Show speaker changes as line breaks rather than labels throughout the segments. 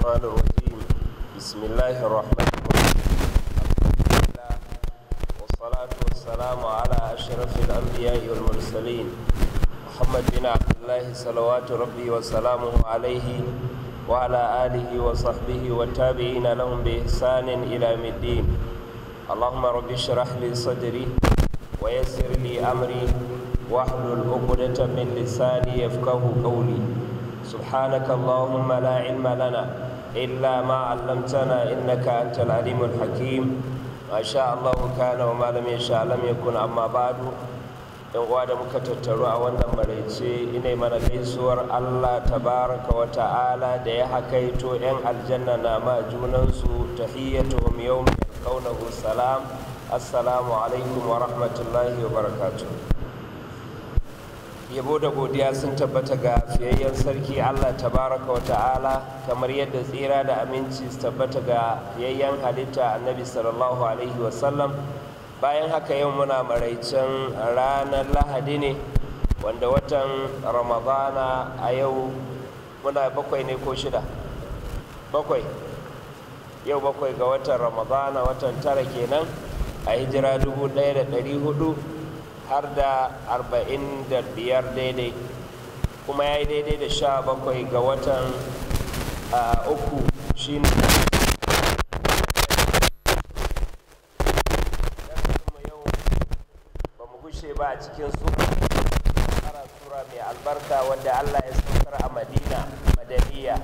الشيطان الرجيم بسم الله الرحمن الرحيم والصلاة والسلام على أشرف الأنبياء والمرسلين محمد بن عبد الله صلوات ربي وسلامه عليه وعلى آله وصحبه والتابعين لهم بإحسان إلى يوم الدين اللهم رب اشرح لي صدري ويسر لي أمري واحلل عقدة من لساني يفقه قولي سبحانك اللهم لا علم لنا إلا ما علمتنا إنك أنت العليم الحكيم ما شاء الله كان وما لم يشاء لم يكن أما بعد yan uwa da muka tattaru a wannan maraice ina mana gaisuwar allah tabaraka wa ta'ala da ya hakaito 'yan aljanna na ma junansu tahiyyatuhum yawm yalqawnahu salam assalamu alaikum wa rahmatullahi wa barakatuh yabo da godiya sun tabbata ga fiyayyen sarki allah tabaraka wa ta'ala kamar yadda tsira da aminci su tabbata ga fiyayyen halitta annabi sallallahu alaihi wasallam bayan haka yau muna maraicin ranar lahadi ne wanda watan ramadana a yau muna bakwai ne ko shida bakwai yau bakwai ga watan ramadana watan tara kenan a hijira dubu ɗaya da ɗari hudu har da arba'in da biyar daidai kuma ya yi daidai da sha bakwai ga watan uku shi ne yau ba mu gushe ba a cikin sura sura mai albarka wadda allah ya saukar a madina madaniya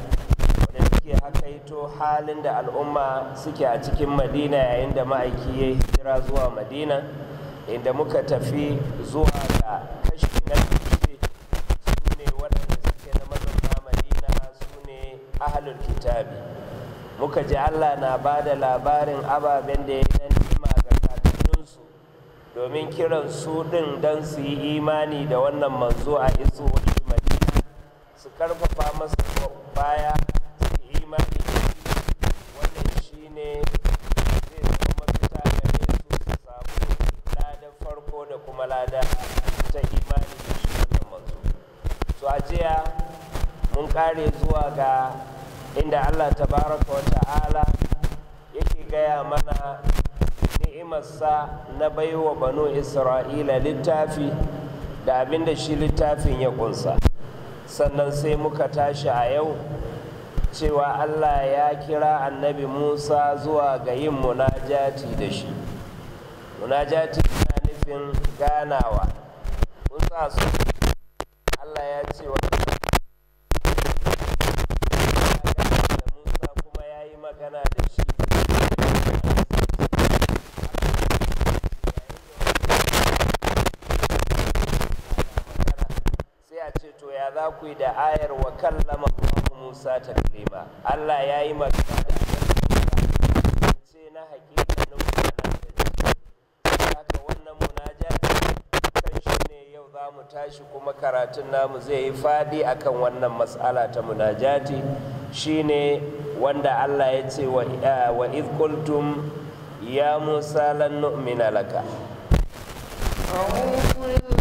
wadda yi hakaito halin da al'umma suke a cikin madina yayin da ma'aiki ya hijira zuwa madina inda muka tafi zuwa ga kashi na ƙarshe
su ne waɗanda suke na mazauna
madina su ne ahalul kitabi muka ji allah na ba da labarin ababen da ya dan nima ga kakanninsu domin kiran su ɗin don su yi imani da wannan manzo a wani madina su karfa inda allah tabaraka wa ta'ala yake gaya mana ni'imarsa na baiwa banu isra'ila littafi da abinda shi littafin ya kunsa sannan sai muka tashi a yau cewa allah ya kira annabi musa zuwa ga yin munajati da shi munajati na nufin ganawa musa su allah ya ce wa ku da ayar wa kallama musa Musa kalima Allah ya yi magana
da
ce na hakika na hakikanin wannan haka wannan munajati kan shi ne yau za mu tashi kuma karatun namu zai yi fadi akan wannan mas'ala ta munajati shine wanda Allah ya ce wa idh eh, qultum ya Musa lan nu'mina laka
أعوذ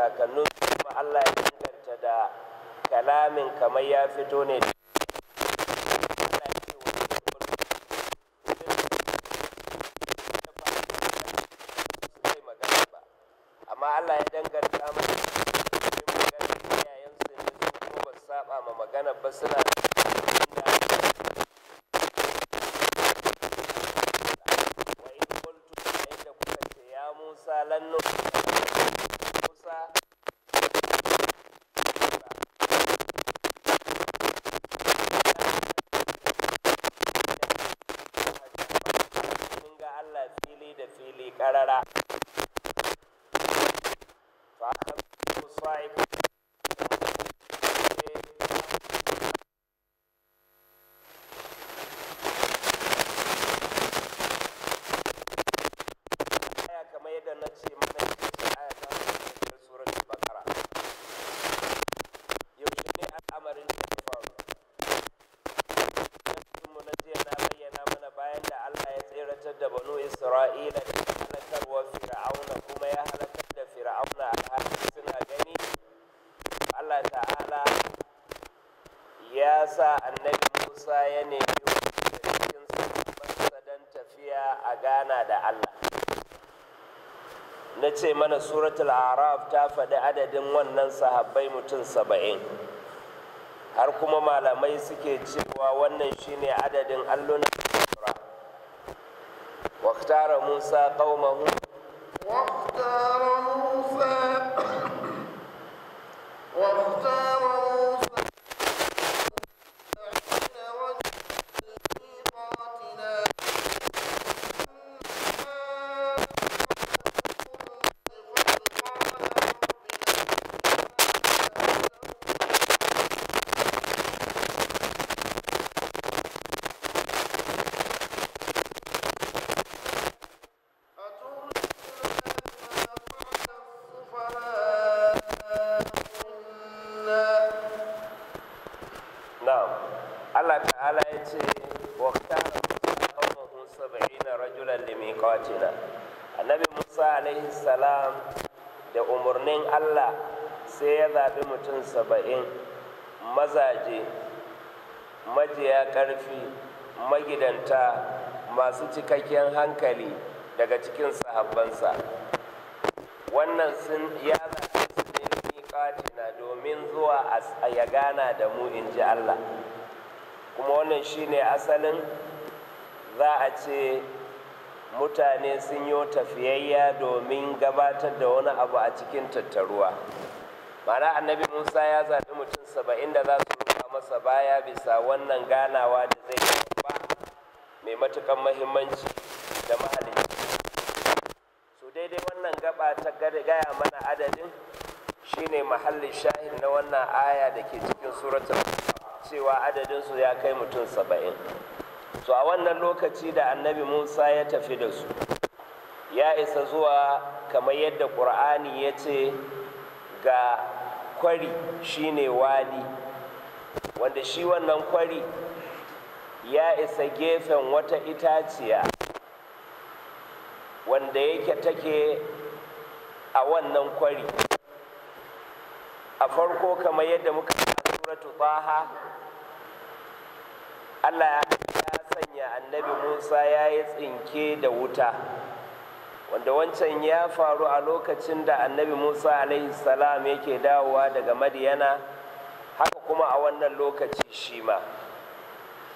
kakannin kuma Allah ya danganta da kalamin kamar ya fito ne amma Allah ya danganta mana maganar iyayensu ne kuma ba saba ma maganar ba suna isra'ila da ya halakarwa fir'auna kuma ya halakar da fir'auna alhali suna gani allah ta'ala ya sa annabi musa ya nemi cikin sabansa don tafiya a gana da allah na ce mana suratul araf ta faɗi adadin wannan sahabbai mutum saba'in har kuma malamai suke cewa wannan shine adadin alluna واختار موسى قومه
واختار موسى
masu cikakken hankali daga cikin sahabbansa wannan sun ya zaɓe su ne miƙatina domin zuwa a ya gana da mu in ji Allah kuma wannan shine asalin za a ce mutane sun yi tafiyayya domin gabatar da wani abu a cikin tattaruwa mana annabi musa ya zaɓi mutum saba'in da za su rufa masa baya bisa wannan ganawa da zai yi matukan mahimmanci da mahalicci su daidai wannan gaba ta gaya mana adadin shine mahallin shahin na wannan aya da ke cikin suratul cewa adadinsu ya kai mutum saba'in to a wannan lokaci da annabi musa ya tafi da su ya isa zuwa kamar yadda ƙur'ani ya ce ga kwari shine wadi wanda shi wannan kwari ya isa gefen wata itaciya wanda yake take a wannan kwari a farko kamar yadda muka suratu baha allah ya sanya annabi musa ya yi tsinke da wuta wanda wancan ya faru a lokacin da annabi musa alaihi salam yake dawowa daga madiyana haka kuma a wannan lokaci shi ma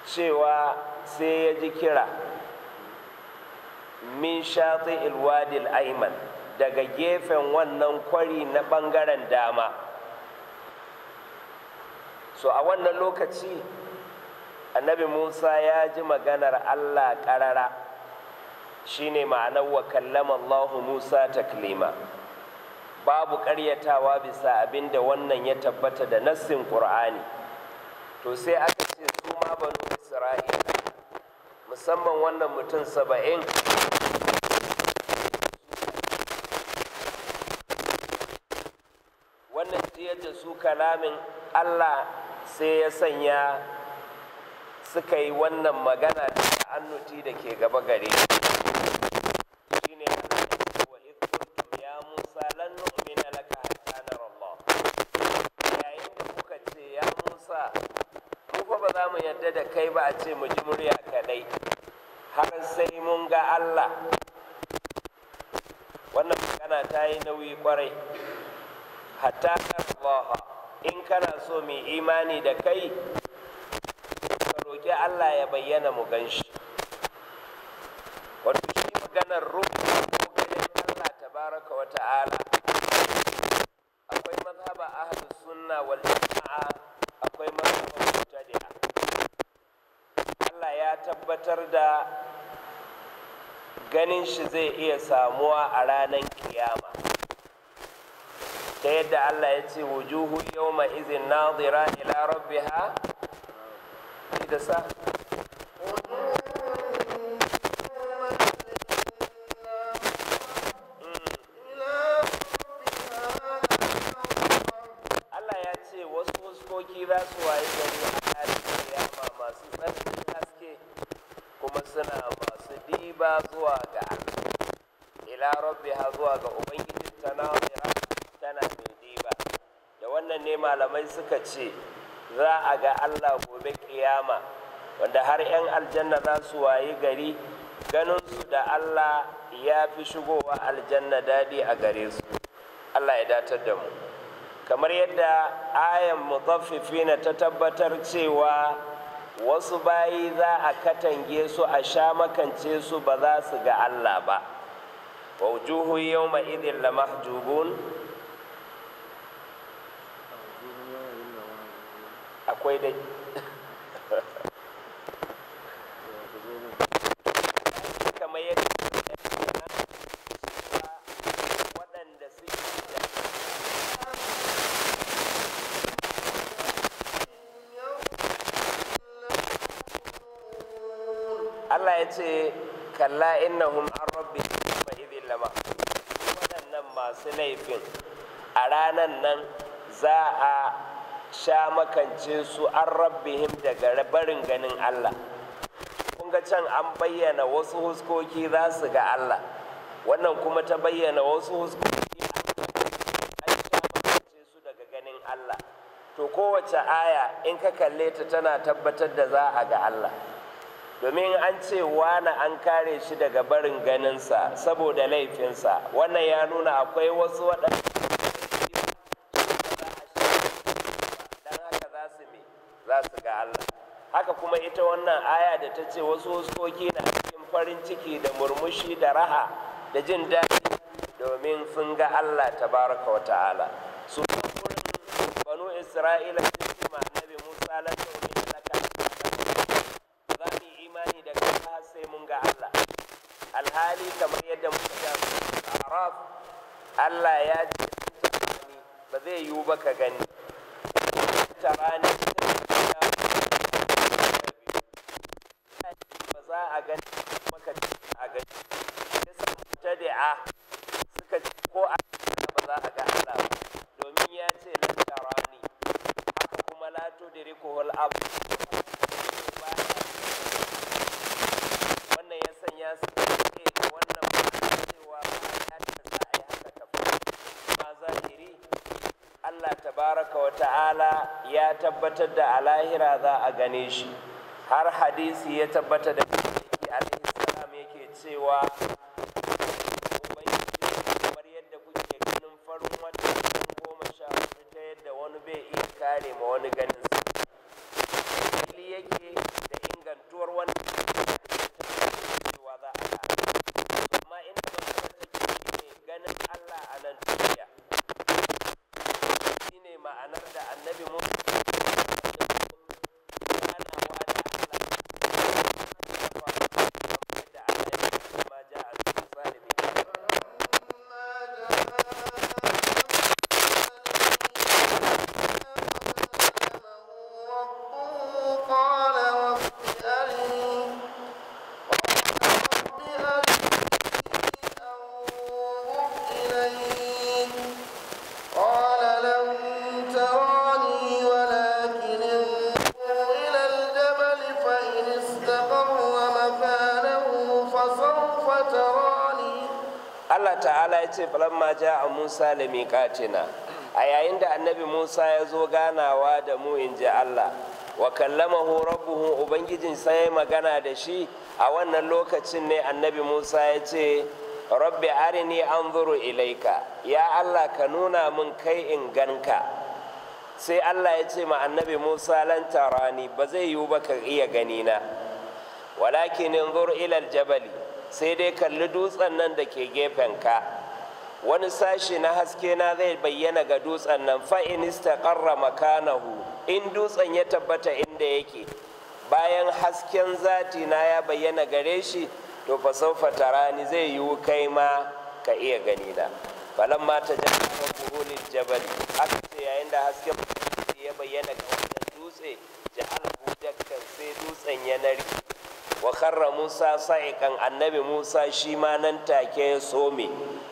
cewa sai ya ji kira min shati ilwadil aiman daga gefen wannan kwari na ɓangaren dama so a wannan lokaci annabi musa ya ji maganar allah ƙarara shine ma'anar wa kallama allahu musa taklima babu ƙaryatawa bisa abinda wannan ya tabbata da nassin ƙur'ani to sai aka su ma banu isra'ila musamman wannan mutum saba'in wannan ciyar da su kalamin allah sai ya sanya suka yi wannan magana da annuti da ke gaba gare Yeah. ya musa kuka ce ya musa ba za mu yarda da kai ba a ce mu ji murya kadai har sai mun ga Allah wannan magana ta yi nauyi kwarai hatta Allah in kana so mai imani da kai ka roƙi Allah ya bayyana mu ganshi wato shi maganar ruhu tabbatar da ganin shi zai iya samuwa a ranar kiyama ta yadda Allah ya ce wujuhu yawma izin nazira ila rabbiha sa? zuwa ga ubangiji ta nazira tana mai ba da wannan ne malamai suka ce za a ga allah gobe kiyama wanda har 'yan aljanna za su wayi gari ganin su da allah ya fi shigowa aljanna daɗi a gare su allah ya datar da mu kamar yadda ayan mutaffifina ta tabbatar cewa wasu bayi za a katange su a sha makance su ba za su ga allah ba ووجوه يومئذ لمحجوبون akwai dai kamar yadda
waɗanda suke da Allah
ya ce kalla innahum an rabbi masu laifin a ranar nan za a sha makance su an rabbihim daga barin ganin Allah kun ga can an bayyana wasu huskoki za su ga Allah wannan kuma ta bayyana wasu huskoki an sha makance su daga ganin Allah to kowace aya in ka kalle ta tana tabbatar da za a ga Allah domin an ce wani an kare shi daga barin ganinsa saboda laifinsa wannan ya nuna akwai wasu waɗanda haka za su ga Allah haka kuma ita wannan aya da ta ce wasu huskoki na cikin farin ciki da murmushi da raha da jin daɗi domin sun ga Allah tabaraka wa ta'ala su banu Isra'ila sai mun ga Allah alhali kamar yadda muka ga arab Allah ya ce ba zai yiwu ba ka gani tarani ba za a gani maka a gani ya samu tadi'a ya tabbatar da a lahira za a gane shi har hadisi ya tabbata da alaihi salam yake cewa kamar yadda kuke ganin farin wata goma sha ta yadda wani bai iya kare ma wani gani ce falamma a Musa da lamiqatina a yayin da annabi Musa ya zo ganawa da mu in ji Allah wa kallama rabbuhu ubangijin sai magana da shi a wannan lokacin ne annabi Musa ya ce rabbi arini anzuru ilaika ya Allah ka nuna min kai in ganka sai Allah ya ce ma annabi Musa lan tarani ba zai yiwu ba ka iya gani na walakin inzur ilal jabali. sai dai kalli dutsen nan da ke gefen ka wani sashi na haske na zai bayyana ga dutsen nan fa'in istaqarra makanahu in dutsen ya tabbata inda yake bayan hasken zati na ya bayyana gare shi to fa saufa tarani zai yiwu kai ma ka iya gani na falan mata ta kan buhulil jabali aka ce yayin da hasken ya bayyana ga wannan dutse ja'al hujjakkan sai dutsen ya narke wa karra musa sa'ikan annabi musa shi ma nan take ya some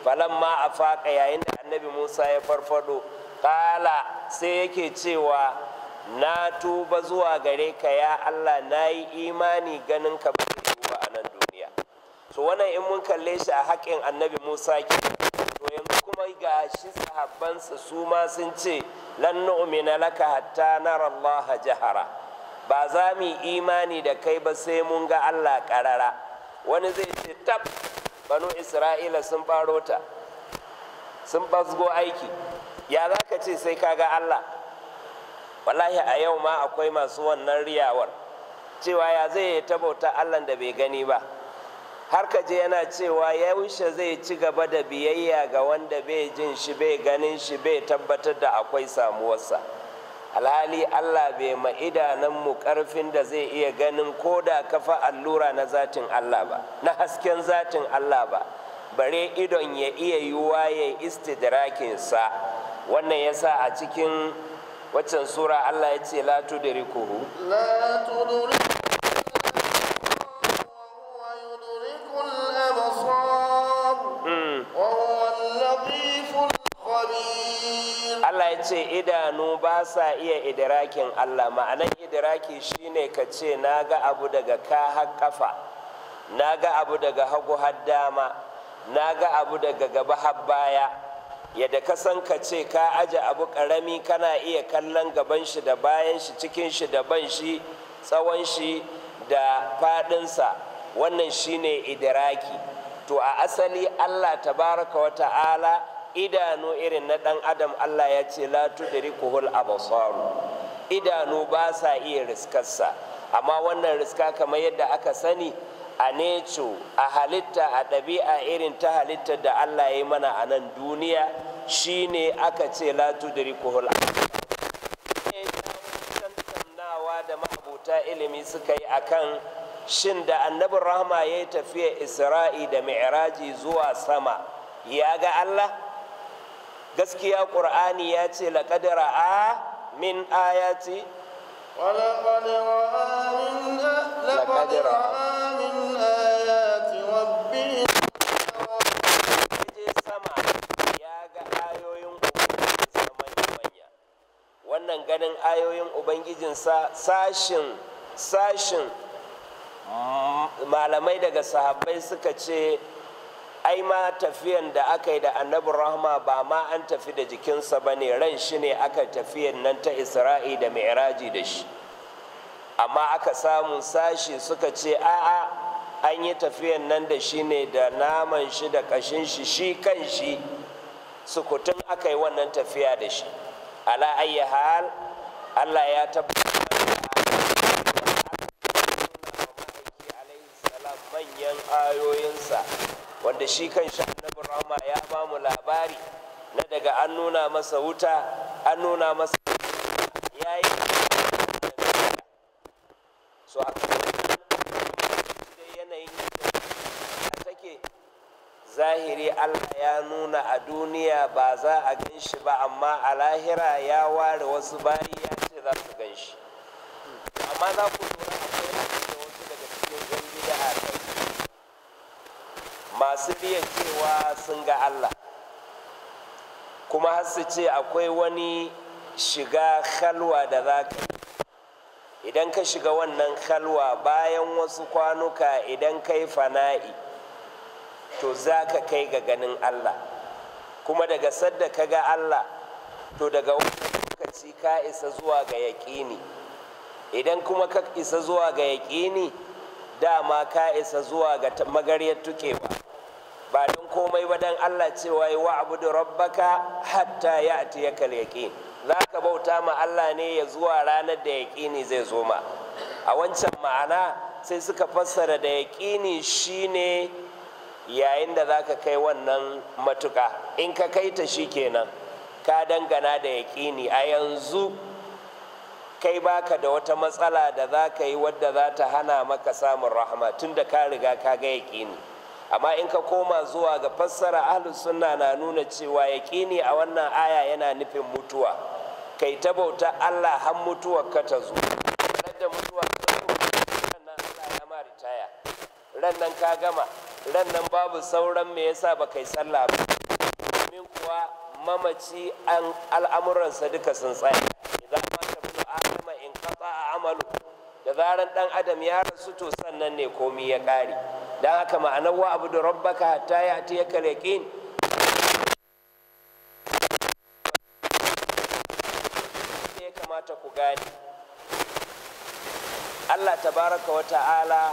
falamma faka yayin da annabi musa ya farfado kala sai yake cewa na tuba zuwa gare ka ya allah na yi imani ganin ka ba a nan duniya so wannan in mun kalle shi a haƙin annabi musa ke to yanzu kuma ga shi sahabbansa su ma sun ce lan nu'mina laka hatta nara jahara ba za mu imani da kai ba sai mun ga Allah karara wani zai ce tab banu isra'ila sun faro ta sun basgo aiki ya za ka ce sai ka ga Allah wallahi a yau ma akwai masu wannan riyawar cewa ya zai ta bauta Allah da bai gani ba har ka je yana cewa yaushe zai ci gaba da biyayya ga wanda bai jin shi bai ganin shi bai tabbatar da akwai samuwarsa alhali allah bai ma idananmu karfin da zai iya ganin ko da kafa allura na zatin allah ba na hasken zatin allah ba bare idon ya iya yiwuwa ya sa, wannan yasa a cikin waccan sura allah ya ce la tudrikuhu la ce idanu ba sa iya idirakin Allah ma'anan idiraki shine ka ce na ga abu daga ka haƙƙafa na ga abu daga hagu har dama na ga abu daga gaba har baya yadda ka san ka ce ka aje abu karami kana iya kallon gaban shi da bayan shi cikin shi da ban shi tsawon shi da faɗinsa, wannan shine idiraki to a asali Allah tabaraka wa ta'ala idanu irin na ɗan adam allah ya ce la tudrikuhul absaru idanu ba sa iya riskarsa amma wannan riska kamar yadda aka sani a neco a halitta a ɗabi'a irin ta halitta da allah ya yi mana a nan duniya shine aka ce la tudrikuhul tantannawa da ma'abuta ilimi suka yi akan shin da annabin rahama ya yi tafiya isra'i da mi'raji zuwa sama ya ga allah gaskiya ƙur'ani ya ce laƙadara a min ayati sama ya ga ayoyin wannan ganin ayoyin ubangijinsa sashin sashin ah. malamai daga sahabbai suka ce ai ma tafiyan da aka yi da annabi rahma ba ma an tafi da jikinsa ba ne ran shi ne aka tafiyan nan ta isra'i da mi'raji da shi amma aka samu sashi suka ce a'a an yi tafiyan nan da shi ne da naman shi da kashin shi shi kan shi sukutun aka yi wannan tafiya da shi ala ayi hal allah ya tabbatar manyan ayoyinsa wanda shi kan sha na rahama ya ba mu labari na daga an nuna masa wuta an nuna masa ya yi so a yanayin take zahiri allah ya nuna a duniya ba za a gan shi ba amma a lahira ya ware wasu bayi ya ce za su gan shi amma za ku lura masu biyan cewa sun ga Allah kuma har su ce akwai wani shiga halwa da za ka idan ka shiga wannan halwa bayan wasu kwanuka idan ka yi fana'i to za ka kai ga ganin Allah kuma daga sadda ka ga Allah to daga wani lokaci ka isa zuwa ga yaƙini idan kuma ka isa zuwa ga yaƙini dama ka isa zuwa ga magaryar tukewa komai ba dan Allah cewa yi wa'budu rabbaka hatta ya ya'tiyakal yaqin ka bauta ma Allah ne ya zuwa ranar da yaqini zai zo ma a wancan ma'ana sai suka fassara da yaqini shine yayin da za ka kai wannan matuka in ka kai ta shi kenan, ka dangana da yaƙini. a yanzu kai baka da wata matsala da za ka yi wadda za ta hana maka samun rahama tun da ka riga ka ga yaƙini amma in ka koma zuwa ga fassara ahlus sunna na nuna cewa yaƙini a wannan aya yana nufin mutuwa kai ta bauta Allah har mutuwa ka ta zo da mutuwa nan Allah ya ma ritaya rannan ka gama rannan babu sauran me yasa ba kai sallah ba domin kuwa mamaci an al'amuransa duka sun tsaya idan ma ta bi Adam in a amalu da zaran dan adam ya rasu to sannan ne komai ya kare. Dan haka ma'anar wa abu da rabbaka hatta ya ta yaka laƙin ya kamata ku gane allah tabaraka wa ta'ala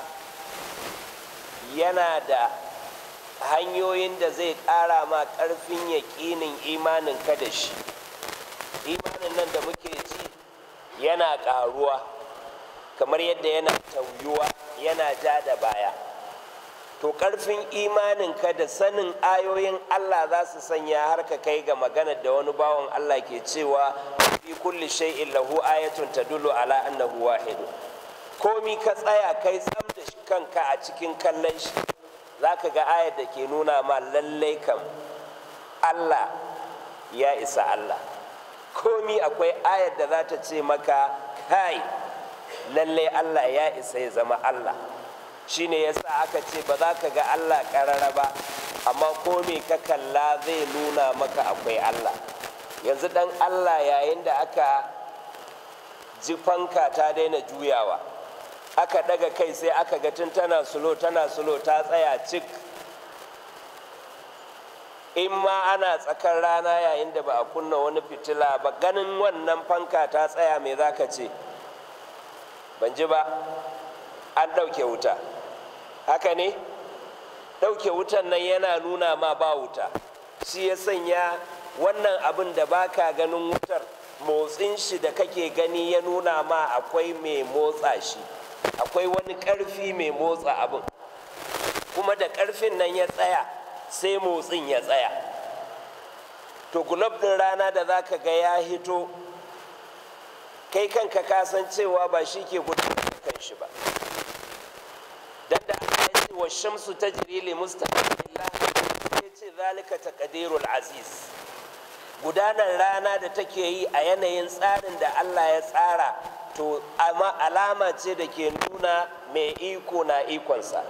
yana da hanyoyin da zai ƙara ma ƙarfin yaƙinin imanin ka da shi imanin nan da muke ji yana ƙaruwa kamar yadda yana tauyuwa yana ja da baya to ƙarfin imaninka da sanin ayoyin Allah za su sanya har ka kai ga maganar da wani bawan Allah ke cewa fi kulli shay'in lahu ayatun tadullu ala annahu wahid komi ka tsaya kai tsam da kanka a cikin kallon shi zaka ga ayar da ke nuna ma lallai kam Allah ya isa Allah komi akwai ayar da za ta ce maka kai lallai Allah ya isa ya zama Allah shine yasa aka ce ba za ka ga Allah ƙarara ba amma ko me ka kalla zai nuna maka akwai Allah yanzu dan Allah yayin da aka ji fanka ta daina juyawa aka daga kai sai aka ga tun tana sulo tana sulo ta tsaya cik in ma ana tsakar rana yayin da ba a kunna wani fitila ba ganin wannan fanka ta tsaya mai ka ce ban ji ba an ɗauke wuta haka ne ɗauke wutan nan yana nuna ma ba wuta shi ya sanya wannan abin da baka ganin wutar motsin shi da kake gani ya nuna ma akwai mai motsa shi akwai wani ƙarfi mai motsa abin kuma da ƙarfin nan ya tsaya sai motsin ya tsaya to gulob ɗin rana da za ka ga ya hito kai kanka kasan cewa ba shi ke gudanar kan shi ba don wa shamsu tajri li mustaqbillah ce zalika taqdirul aziz gudanar rana da take yi a yanayin tsarin da Allah ya tsara to amma alama ce da ke nuna mai iko na ikonsa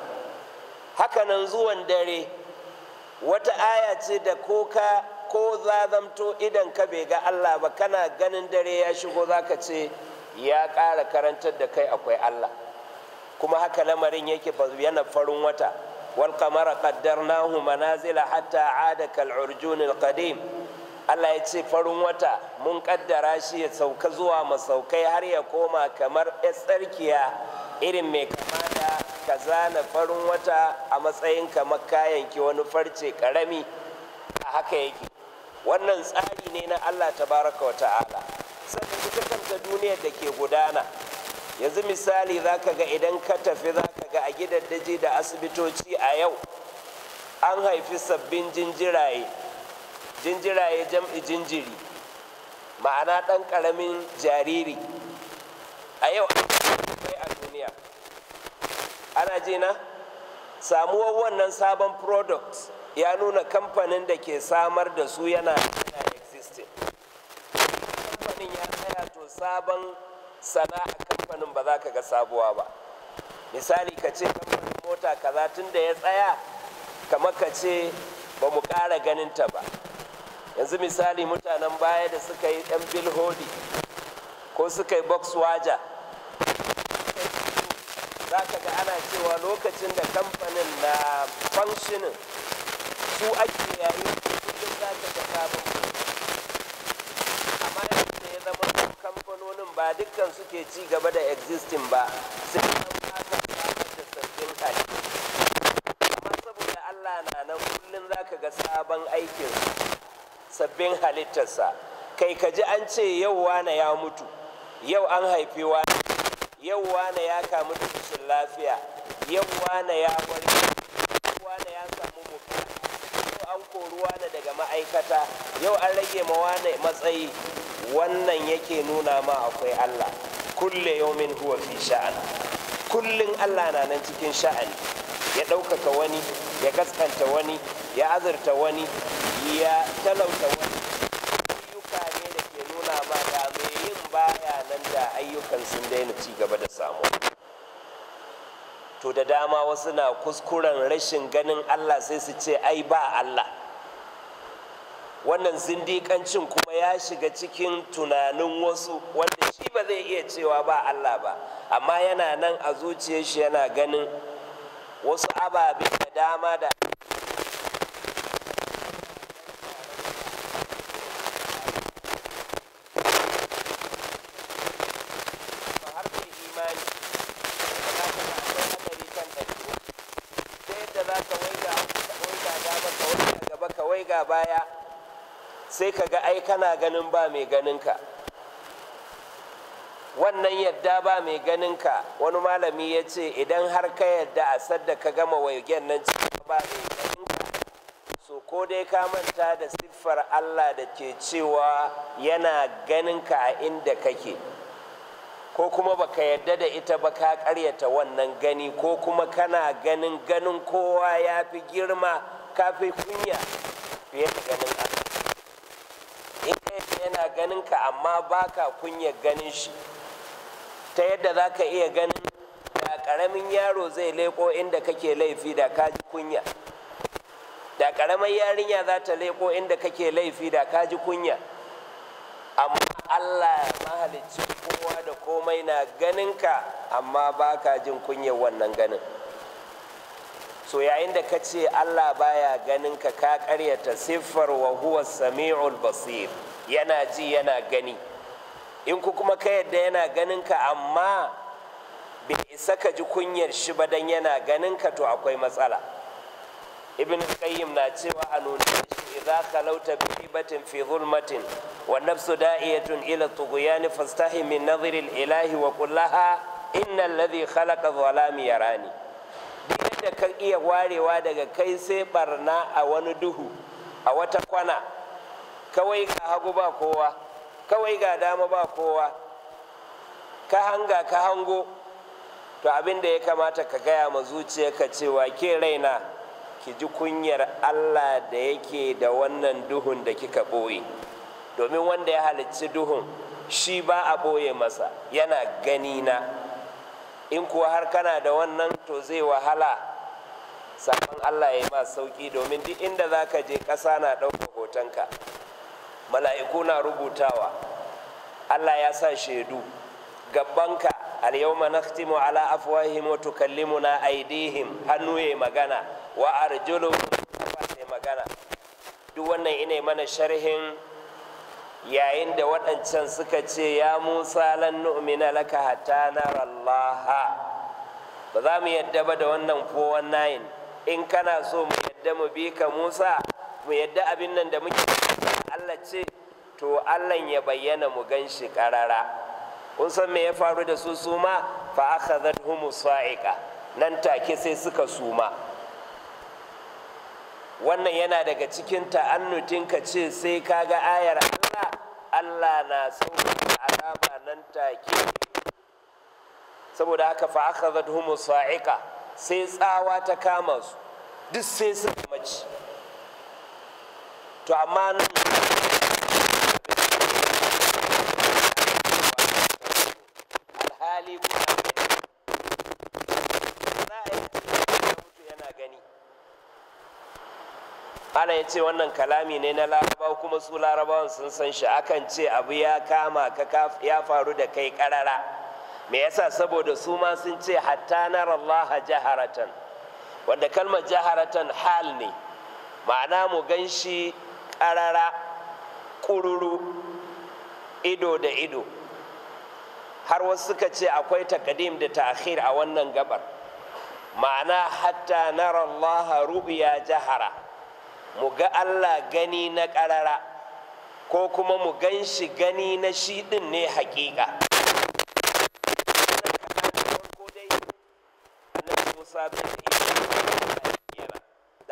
hakanan zuwan dare wata aya ce da ko za ko idan ka bai ga Allah ba kana ganin dare ya shigo zaka ce ya ƙara karantar da kai akwai Allah kuma haka lamarin yake yana farin wata wal qamara qaddarnahu manazila hatta aada kal urjun al qadim Allah ya ce farin wata mun kaddara shi ya sauka zuwa masaukai har ya koma kamar tsarkiya irin mai kama da ka zana farin wata a matsayin kamar kayan ki wani farce karami a haka yake wannan tsari ne na Allah tabaraka wa ta'ala sannan ita kanta duniyar da ke gudana yanzu misali za ka ga idan ka tafi za ka ga a gidan daji da asibitoci a yau an haifi sabbin jinjiraye jinjiraye jam'i jinjiri ma'ana ɗan ƙaramin jariri a yau a duniya ana jina samuwar wannan sabon product ya nuna kamfanin da ke samar da su yana existing kamfanin ya tsaya to sabon sana'a kamfanin ba za ka ga sabuwa ba misali ka ce kamfanin mota kaza tun da ya tsaya kamar ka ce ba mu ƙara ganin ta ba yanzu misali mutanen baya da suka yi ɗan bilhodi ko suka yi box waja za ka ga ana cewa lokacin da kamfanin na functioning su ake yayi kullum za ka ga sabon kamfanonin ba dukkan suke ci gaba da existing ba sai an da sabbin hali amma saboda Allah na nan kullum zaka ga sabon aikin sabbin halittarsa kai ka ji an ce yau wane ya mutu yau an haifi wane yau wane ya kamu da rashin lafiya yau wane ya warke yau wane ya samu mutu yau an koruwa daga ma'aikata yau an rage wane matsayi wannan yake nuna ma akwai Allah kulle yaumin huwa fi sha'an kullun Allah na nan cikin sha'ani ya ɗaukaka wani ya gaskanta wani ya azurta wani ya talauta wani ayyuka ne da ke nuna ma da mai yin baya nan da ayyukan sun daina ci gaba da samu to da dama wasu na kuskuren rashin ganin Allah sai su ce ai ba Allah wannan zindikancin kuma ya shiga cikin tunanin wasu wanda shi ba zai iya cewa ba Allah ba amma yana nan a zuciyar shi yana ganin wasu ababe da dama da sai ka ga ai kana ganin ba mai ganinka wannan yadda ba mai ganin ka wani malami ya ce idan har ka yadda a sadda ka gama waigen nan cewa ba mai ganinka so ko dai ka manta da siffar allah da ke cewa yana ganin ka a inda kake ko kuma baka yadda da ita ba ka karyata wannan gani ko kuma kana ganin ganin kowa ya fi girma ka fi kunya fiye da ganin allah yana ganin ka amma baka kunya ganin shi ta yadda za ka iya ganin da ƙaramin yaro zai leko inda kake laifi da ka ji kunya da ƙaramar yarinya za ta leko inda kake laifi da ka ji kunya amma allah mahalicci kowa da komai na ganin ka amma baka jin kunyar wannan ganin so yayin da ka ce allah baya ganin ka ka karyata siffar wa huwa sami'ul basir yana ji yana gani in ku kuma ka yadda yana ganin ka amma bai isa ka ji kunyar shi ba dan yana ganin ka to akwai matsala ibn qayyim na cewa a nuna shi idza lauta bi hibatin fi zulmatin wa nafsu da'iyatun ila tughyani fastahi min nadhri ilahi wa kullaha inna ladhi khalaqa zalami yarani duk yadda ka iya warewa daga kai sai barna a wani duhu a wata kwana kawai ga hagu ba kowa kawai ga dama ba kowa ka hanga ka hango to abin da ya kamata ka gaya ma zuciyarka cewa ke raina ki ji kunyar allah da yake da wannan duhun da kika ɓoye domin wanda ya halicci duhun shi ba a ɓoye masa yana gani na in kuwa har kana da wannan to zai wahala sabon allah ya ma sauki domin duk inda za ka je ƙasa na ɗauka hotonka mala'iku na rubutawa allah ya sa shaidu gabbanka alyawma nakhtimu ala afwahihim wa tukallimuna aydihim hannu yayi magana wa arjuluhum magana duk wannan ina mana sharhin yayin da waɗancan suka ce ya musa lan nu'mina laka hatta nara allaha ba za mu yadda ba da wannan 419 in kana so mu yadda mu bi ka musa mu yadda abin nan da muke Allah ce to Allah ya bayyana mu gan shi karara kun san me ya faru da su suma fa akhadhatuhum sa'iqa nan take sai suka suma wannan yana daga cikin ta'annutin ka ce sai kaga ayar Allah Allah na sauka alama nan take saboda haka fa akhadhatuhum sa'iqa sai tsawa ta kama su duk sai suka mace to amma nan gani ana ya ce wannan kalami ne na Laraba kuma su larabawan sun san shi akan ce abu ya kama ya faru da kai karara me yasa saboda su ma sun ce hatta na narallaha jaharatan wanda kalmar jaharatan hal ne ma'ana mu gan shi ƙarara ƙururu ido da ido har wasu suka ce akwai takadim da ta'khir a wannan gabar ma'ana hatta nara Allah rubiya jahara mu ga Allah gani na ƙarara ko kuma mu gan shi gani na shi din ne haƙiƙa Musa bin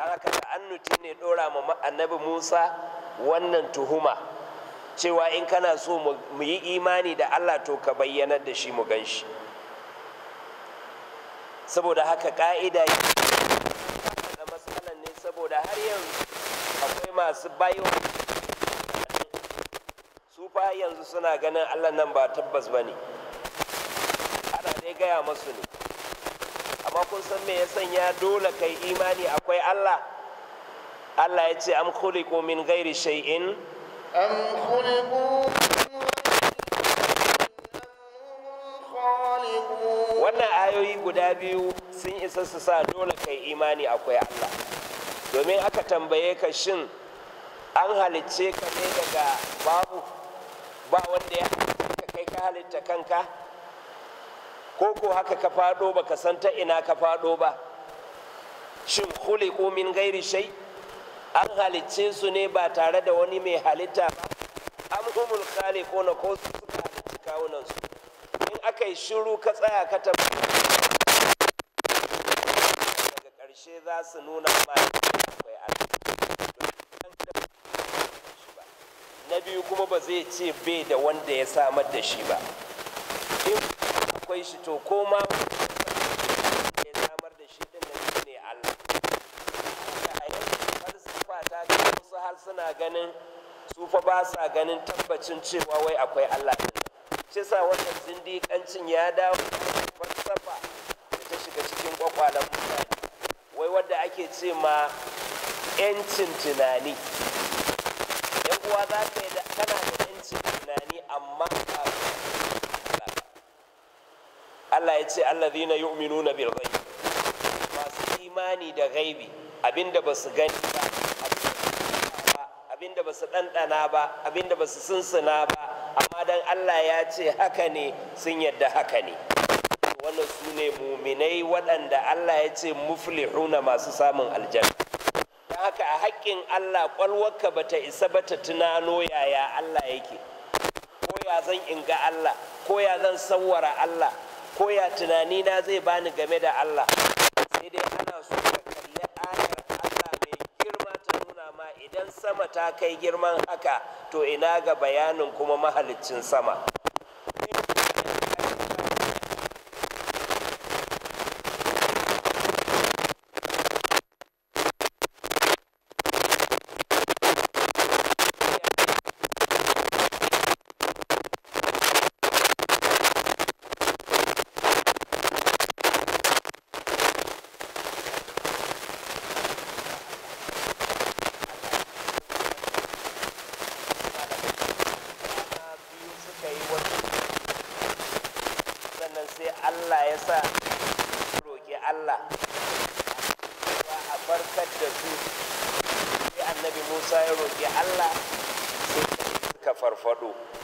haka ta'annuti ne dora ma annabi Musa wannan tuhuma cewa in kana so mu yi imani da Allah to ka bayyana da shi mu gan shi saboda haka ka'ida yi da matsalan ne saboda har yanzu akwai masu bayo su fa yanzu suna ganin Allah nan ba tabbas ba ne ana dai gaya masu ne amma kun san me ya sanya dole kai imani akwai Allah Allah ya ce am khuliqu min ghairi shay'in
am khuliqu
wannan ayoyi guda biyu sun isa su sa dole kai imani akwai Allah domin aka tambaye ka shin an halicce ka ne daga babu ba wanda ya ka kai ka halitta kanka ko ko haka ka faɗo ba ka san ta ina ka faɗo ba shin khuliqu min ghairi shay an halicce su ne ba tare da wani mai halitta ba am humul khaliquna ko su suka halicci kawunan su in aka yi shiru ka tsaya ka tabbata daga ƙarshe za su nuna ma akwai na biyu kuma ba zai ce bai da wanda ya samar da shi ba akwai shi to ko ma ya samar da shi din nan shine Allah falsafa ta ga wasu har suna ganin su fa ba sa ganin tabbacin cewa wai akwai Allah shi sa wannan zindiƙancin ya dawo da ta shiga cikin kwakwalen mutane wai wadda ake ce ma 'yancin tunani yan uwa za ka yi da kana da 'yancin tunani amma Allah ya ce allazina yu'minuna bil ghaib masu imani da gaibi abinda ba su gani ba abinda ba su ɗanɗana ba abinda ba su sunsuna ba amma dan Allah ya ce haka ne sun yadda haka ne wannan su ne muminai waɗanda Allah ya ce muflihuna masu samun aljanna don haka a haƙƙin Allah ƙwalwarka ta isa ba ta tunano yaya Allah yake ko ya zan inga Allah ko ya zan sawwara Allah Koya tunanina tunani na zai bani game da Allah sai dai ana so ka kalli ayar Allah mai girma ta nuna ma idan sama ta kai girman haka to ina ga bayanin kuma mahaliccin sama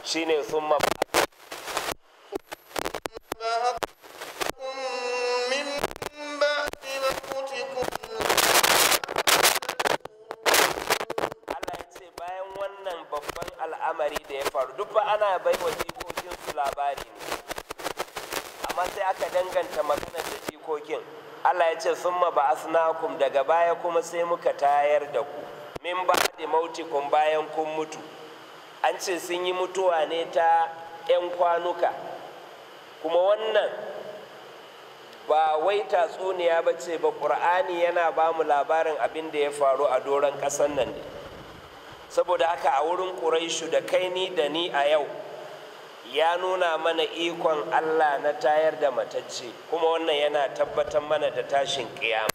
shine babban al'amari da ya faru duk ba ana bai wa jikokinsu labari ne amma sai aka danganta maganar da jikokin allah ya ce sun ma ba'asnakum daga baya kuma sai muka tayar da ku min ba da mautikun bayan kun mutu an ce sun yi mutuwa ne ta 'yan kwanuka kuma wannan ba wai tatsuniya ba ce ba ƙur'ani yana ba mu labarin abin da ya faru a doron ƙasar nan ne saboda haka a wurin ƙuraishu da kai ni da ni a yau ya nuna mana ikon allah na tayar da matacce kuma wannan yana tabbatar mana da tashin ƙiyama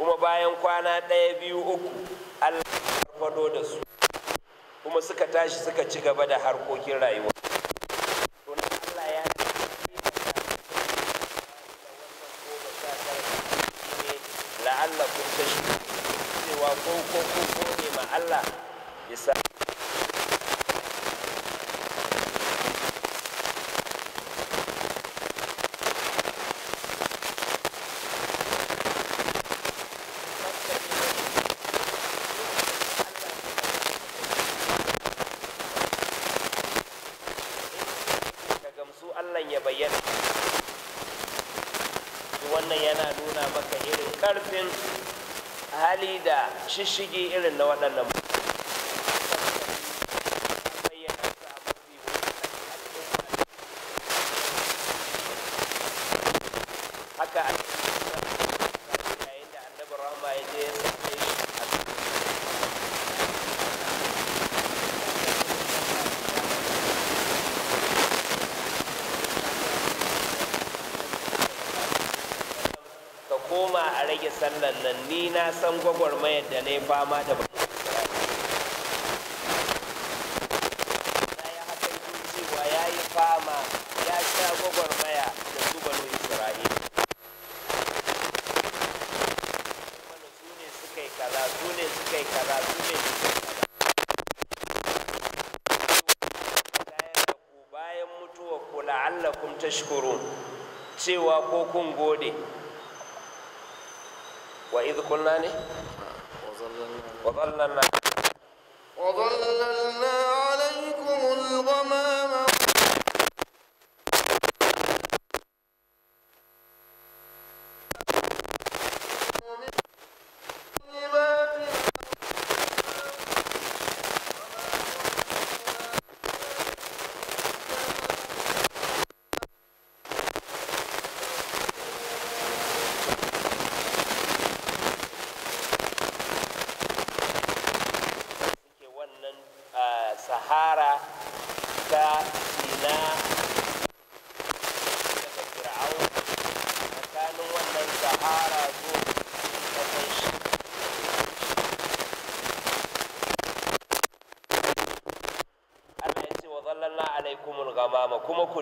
kuma bayan kwana ɗaya biyu uku allah ya farfado da su kuma suka tashi suka ci gaba da harkokin rayuwa shishigi irin na waɗannan Allah nan ni na san gwagwarmayar da na yi fama da ba Na yi yi cewa ya yi fama ya sha gwagwarmaya da su banu Isra'ila wanda su ne suka yi kaza su ne suka yi kaza su ne suka yi kaza bayan mutuwa ku allakum tashkurun cewa ko kun gode وإذ قلنا وظلنا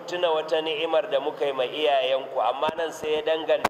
tuna wata ni'imar da muka yi ma iyayenku amma nan sai ya danganta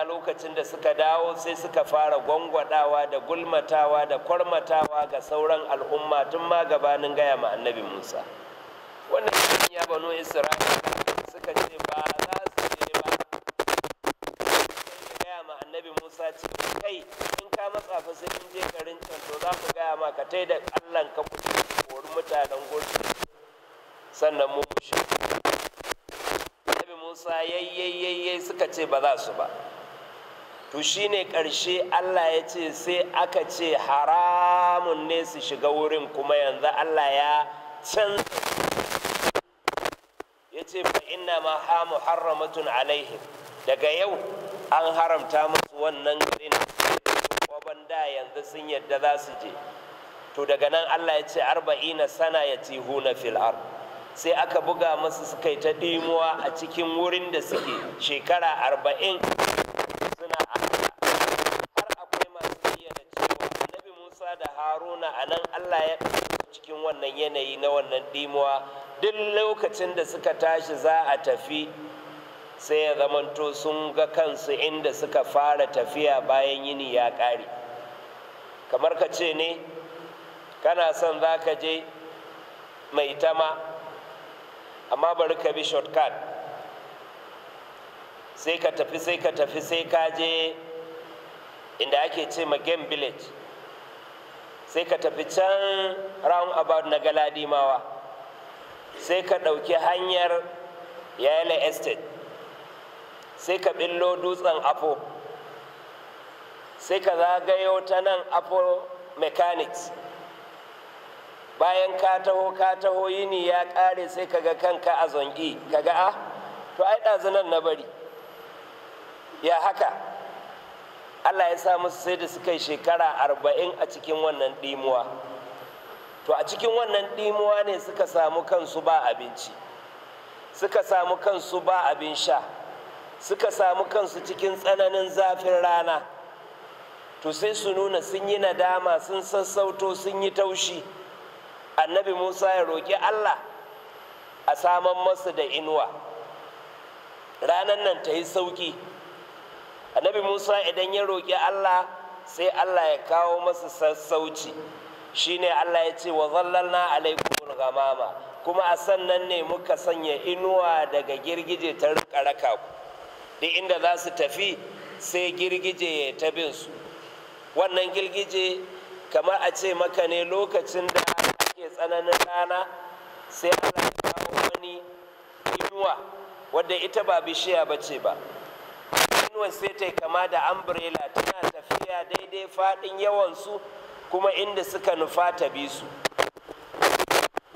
manya lokacin da suka dawo sai suka fara gwangwadawa da gulmatawa da kwarmatawa ga sauran al'umma tun ma gabanin gaya ma annabi musa wannan ya banu isra'ila suka ce ba za su je ba gaya ma annabi musa ce kai in ka matsa fa sai in je garin can to za ku gaya ma ka tai da allan ka kori mutanen gurbin sannan mu shi musa yayyayyayye suka ce ba za su ba to shi ne ƙarshe Allah ya ce sai aka ce haramun ne su shiga wurin kuma yanzu Allah ya canza ya ce fa ina ma hamu haramatun alaihim daga yau an haramta musu wannan garin waban da yanzu sun yadda za su je to daga nan Allah ya ce arba'ina sana ya tihu na filar. sai aka buga masu suka yi ta ɗimuwa a cikin wurin da suke shekara arba'in fir'auna a nan allah ya cikin wannan yanayi na wannan dimuwa duk lokacin da suka tashi za a tafi sai ya zamanto sun ga kansu inda suka fara tafiya bayan yini ya ƙare kamar ka ce ne kana son za ka je mai tama amma bari ka bi shortcut sai ka tafi sai ka tafi sai ka je inda ake ce ma game village sai ka tafi can round about na galadimawa sai ka ɗauki hanyar yayala estate sai ka ɓillo dutsen Apple. sai ka zagayo ta nan Apple mechanics bayan ka taho ka taho yini ya ƙare sai ka ga kanka a zon'i ka ga a ah, to ai ɗazu na bari ya haka allah ya sa musu sai da suka yi shekara arba'in a cikin wannan ɗimuwa to a cikin wannan ɗimuwa ne suka samu kansu ba abinci suka samu kansu ba abin sha suka samu kansu cikin tsananin zafin rana to sai su nuna sun yi nadama sun sassauto sun yi taushi annabi musa ya roƙi allah a saman masu da inuwa ranan nan ta yi sauƙi annabi musa idan ya roƙi allah sai allah ya kawo masa sassauci shine allah ya ce wa zallalna alaikumul ghamama kuma a sannan ne muka sanya inuwa daga girgije ta raka ku duk inda za su tafi sai girgije ya ta bin su wannan girgije kamar a ce maka ne lokacin da ake tsananin rana sai allah ya kawo wani inuwa wadda ita ba bishiya ba ce ba kawai sai ta kama da umbrella tana tafiya daidai faɗin yawansu kuma inda suka nufa ta bi su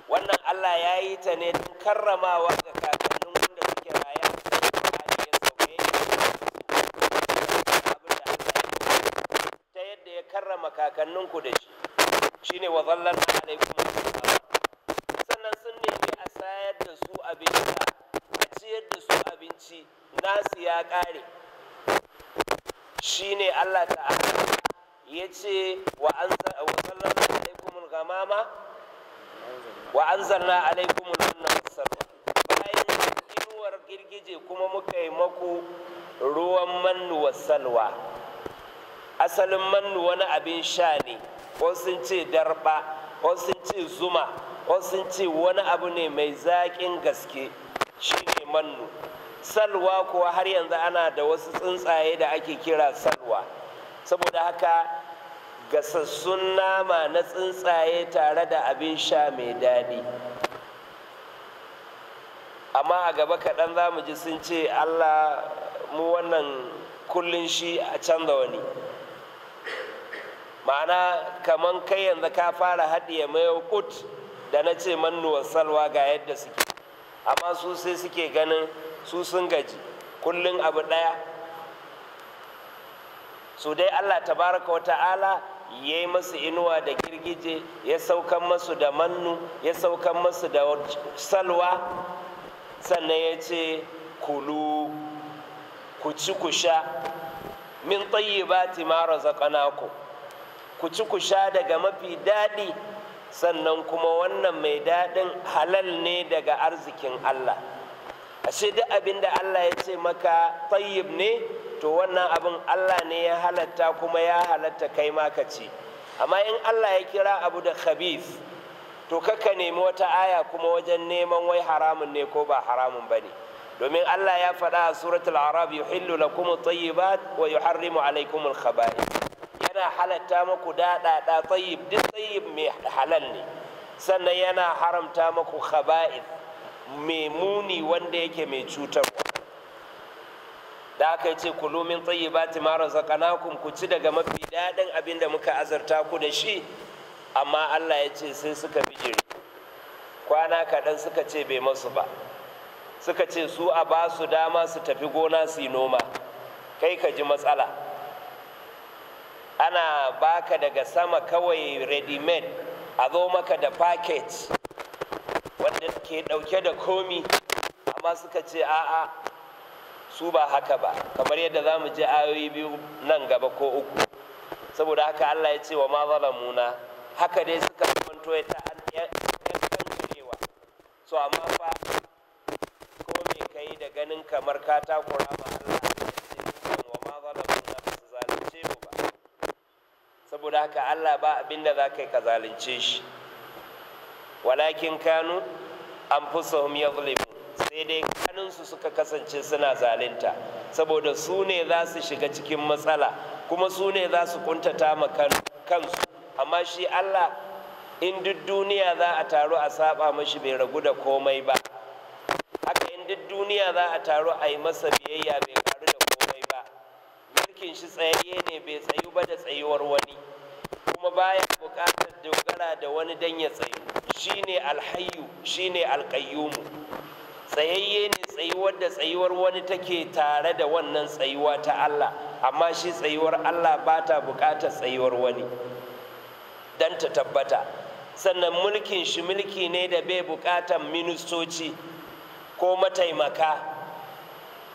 wannan allah ya yi ta ne don karramawa ga kakannin wanda suke raya ta yadda ya karrama kakanninku da shi shine wa zallan alaikum sannan sun nemi a sayar da su abinci a ciyar da su abinci nasu ya ƙare shine Allah ta'ala yace wa anzala wa sallallahu alaikumul ghamama wa anzalna alaikumul manna wassalwa bayan inuwar girgije kuma muka yi maku ruwan mannu salwa. asalin mannu wani abin sha ne wasu sun ce darba wasu sun ce zuma wasu sun ce wani abu ne mai zaƙin gaske shine mannu salwa kuwa har yanzu ana da wasu tsuntsaye da ake kira salwa saboda haka gasassun nama na tsuntsaye tare da abin sha mai daɗi amma a gaba kaɗan za mu ji sun ce allah mu wannan kullun shi a canza wani ma'ana kaman kai yanzu ka fara haɗiye mayo kut da na ce mannuwar salwa ga yadda suke amma su sai suke ganin su sun gaji kullum abu ɗaya su dai allah tabaraka wa ta'ala ya yi masu inuwa da girgije ya saukan masu da mannu ya saukan masu da salwa sannan ya ce kulu ku ci ku sha min tsayi tayyibati zaƙana ku ku ci ku sha daga mafi daɗi sannan kuma wannan mai daɗin halal ne daga arzikin Allah sai duk abin da Allah ya ce maka tayyib ne to wannan abin Allah ne ya halatta kuma ya halatta kai maka ci amma in Allah ya kira abu da khabith to kaka nemi wata aya kuma wajen neman wai haramun ne ko ba haramun bane domin Allah ya faɗa a suratul arab yuhillu lakum at-tayyibat wa yuharrimu alaykum al-khaba'ith yana halatta maku daɗaɗa tayyib duk tayyib mai halal ne sannan yana haramta maku khaba'ith mai muni wanda yake mai cutarwa da aka ce kulumin tsayi ba mara zakana ku ci daga mafi daɗin abin da muka azarta ku da shi amma allah ya ce sai suka jiri. kwana kaɗan suka ce bai masu ba suka ce su a ba su dama su tafi gona su yi noma kai ka ji matsala ana baka daga sama kawai ready made a zo maka da package wanda ke ɗauke da komi amma suka ce a'a su ba haka ba kamar yadda za mu ji ayoyi biyu nan gaba ko uku saboda haka allah ya ce wa ma zalamuna haka dai suka kwanto ya ta'ancewa so amma fa ko me kai da ganin kamar ka takura ma allah wa ma zalamuna ba su zalunce mu ba saboda haka allah ba abinda za ka yi ka zalunce shi walakin kanu an fi anfusahum yadhlimun sai dai kanunsu suka kasance suna zalunta saboda su ne za su shiga cikin matsala kuma su ne za su kuntata kansu amma shi Allah in duk duniya za a taru a saba mashi bai ragu da komai ba haka in duk duniya za a taru a yi masa biyayya bai karu da komai ba mulkin shi tsayayye ne bai tsayu ba da tsayuwar wani kuma baya bukatar dogara da wani dan ya tsayu shine alhayyu shine alqayyumu tsayayye ne tsayuwar da tsayuwar wani take tare da wannan tsayuwa ta Allah amma shi tsayuwar Allah ba ta buƙatar tsayuwar wani Dan ta tabbata sannan mulkin shi mulki ne da bai buƙatar ministoci ko mataimaka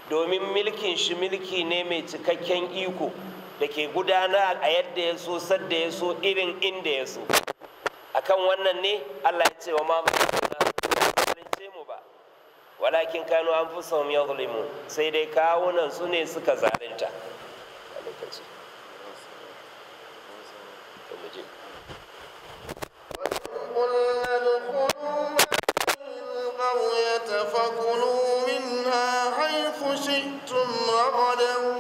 domin mulkin shi mulki ne mai cikakken iko da ke gudana a yadda ya so sadda ya so irin inda ya so A kan wannan ne Allah ya ce wa ma mu ba walakin kanu ya zulimu sai dai kawunan su ne suka zalunta
فكلوا منها حيث شئتم رغدا